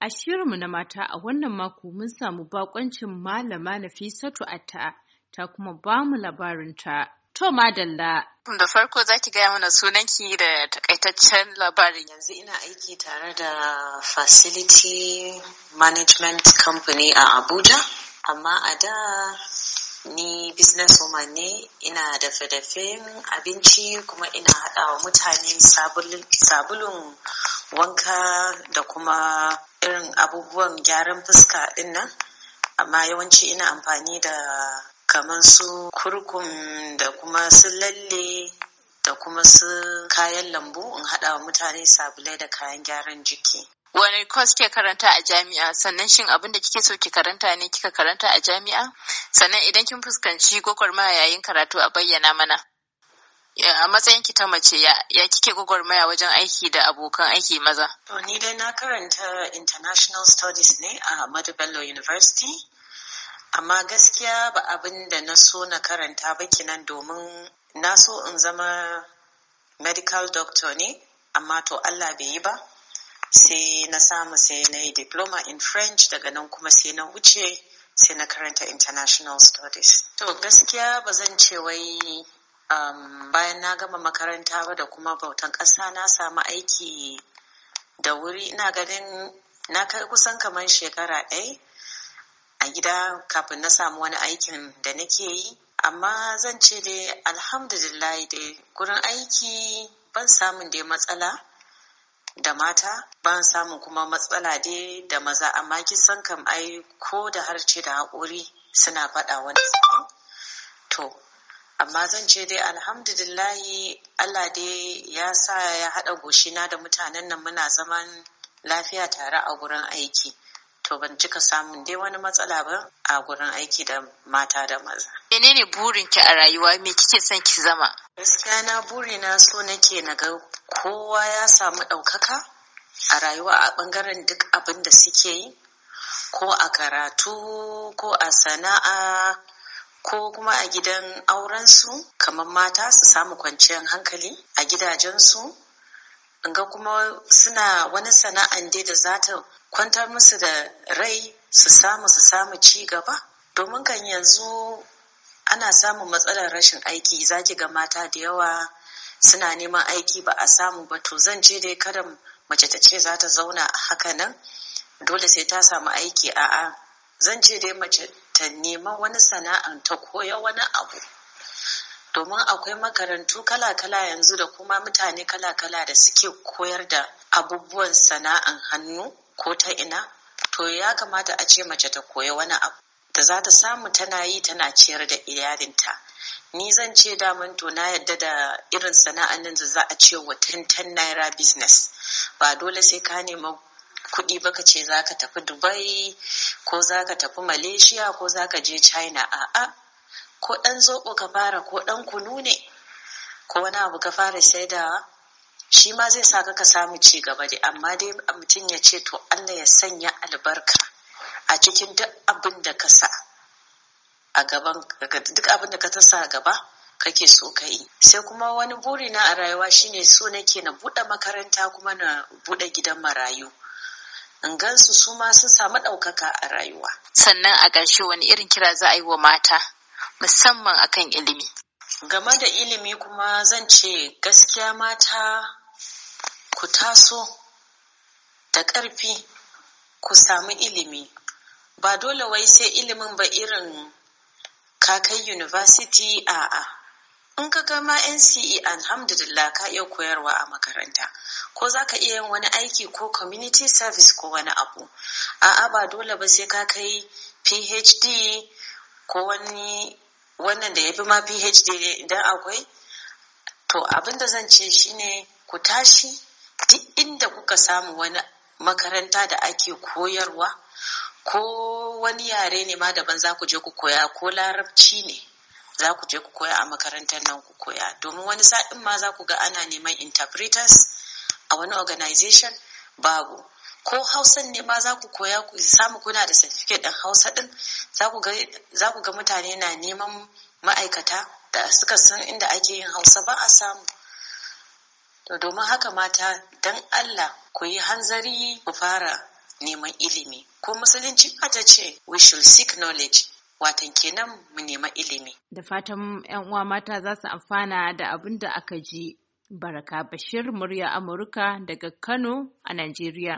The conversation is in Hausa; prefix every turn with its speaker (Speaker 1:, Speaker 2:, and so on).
Speaker 1: A shirinmu na mata a wannan mako mun samu bakoncin malama Nafisatu Atta ta kuma ba mu labarinta. To madalla. Da farko za ki gaya mana
Speaker 2: sunanki da takaitaccen labarin. Yanzu ina aiki tare da Facility Management Company a Abuja, amma a da ni business woman ne ina dafe-dafen abinci kuma ina haɗa wa mutane sabulun wanka da kuma irin abubuwan gyaran fuska din nan amma yawanci ina amfani da kamar su kurkum da kuma su lalle da kuma su kayan lambu in haɗa wa mutane sabulai da kayan gyaran jiki.
Speaker 1: Wani kwas ke karanta a jami'a sannan shin abin da kike so ki karanta ne kika karanta a jami'a? Sannan idan kin fuskanci gwagwarmaya yayin karatu a bayyana mana. a matsayin ki ta mace ya kike gwagwarmaya wajen aiki da abokan aiki maza?
Speaker 2: To ni dai na karanta international studies ne a Ahmadu Bello University. Amma gaskiya ba abin da na so na karanta ba kinan domin na so in zama medical doctor ne, amma to Allah bai yi ba. Sai na samu sai na yi diploma in French daga nan kuma sai na wuce sai na karanta international studies. To gaskiya ba zan ce wai um, bayan na gama makaranta ba da kuma bautan ƙasa na samu aiki da wuri ina ganin na kai kusan kamar shekara ɗaya a gida kafin na samu wani aikin da nake yi amma zan ce dai alhamdulillah dai gurin aiki ban samun dai matsala da mata ban samun kuma matsala dai da maza amma kisan kam ai ko da harce da haƙuri suna faɗa wani to amma zan ce dai alhamdulillahi Allah dai ya sa ya haɗa goshina da mutanen nan muna zaman lafiya tare a gurin aiki to ban cika samun dai wani matsala ba a gurin aiki da mata da maza. Menene burinki a rayuwa me kike son ki zama? Gaskiya na buri na so nake na ga kowa ya samu ɗaukaka a rayuwa a ɓangaren duk abin da suke yi ko a karatu ko a sana'a ko kuma a gidan aurensu kamar mata su samu kwanciyar hankali a gidajensu ga kuma suna wani sana'an dai da za ta kwantar musu da rai su samu su samu ci gaba domin kan yanzu ana samun matsalar rashin aiki za ki ga mata da yawa suna neman aiki ba a samu ba to zan je dai kada mace ta ce za ta zauna haka nan dole sai ta samu aiki a'a zan ce dai mace ta nema wani sana'an ta koya wani abu domin akwai makarantu kala-kala yanzu da kuma mutane kala-kala da suke koyar da abubuwan sana'an hannu ko ta ina to ya kamata a ce mace ta koya wani abu da za ta samu tana yi tana ciyar da iyalinta ni zan ce daman to na yadda da irin sana'an nan za a ce wa tantan naira business ba dole sai ka nema kuɗi ba ka ce za ka tafi dubai ko za ka tafi malaysia ko za ka je china a'a ko ɗan zoɓo ka fara ko ɗan kunu ne ko wani abu ka fara saidawa shi ma zai sa ka samu ci gaba dai amma dai mutum ya ce to allah ya sanya albarka a cikin duk abin da ka sa a gaban duk abin da ka ta sa gaba kake so ka yi sai kuma wani buri na a rayuwa shine so nake na buɗe makaranta kuma na buɗe gidan marayu in gansu su ma sun samu ɗaukaka a rayuwa. Sannan a ƙarshe wani irin kira za a yi wa mata musamman
Speaker 1: akan ilimi.
Speaker 2: Game da ilimi kuma zan ce gaskiya mata ku taso da ƙarfi ku samu ilimi ba dole wai sai ilimin ba irin kakai university a'a in ka gama NCE alhamdulillah ka iya koyarwa a makaranta ko za ka iya yin wani aiki ko community service ko wani abu a'a ba dole ba sai ka kai PhD ko wani wannan da ya fi ma PhD ne idan akwai to abinda zan ce shine ku tashi duk inda kuka samu wani makaranta da ake koyarwa ko wani yare ne ma daban za ku je ku koya ko larabci ne za ku je ku koya a makarantar nan ku koya domin wani sa'in ma za ku ga ana neman interpreters a wani organization babu ko hausan ne ma za ku koya ku samu kuna da certificate ɗin hausa ɗin za ku ga mutane na neman ma'aikata da suka san inda ake yin hausa ba a samu to domin haka mata 'Dan allah ku yi hanzari ku fara neman ilimi ko musulunci ta ce we should seek knowledge watan kenan mu nema ilimi.
Speaker 1: Da fatan 'yan uwa mata za su amfana da abin da aka ji. Baraka Bashir, murya Amurka daga Kano a Najeriya.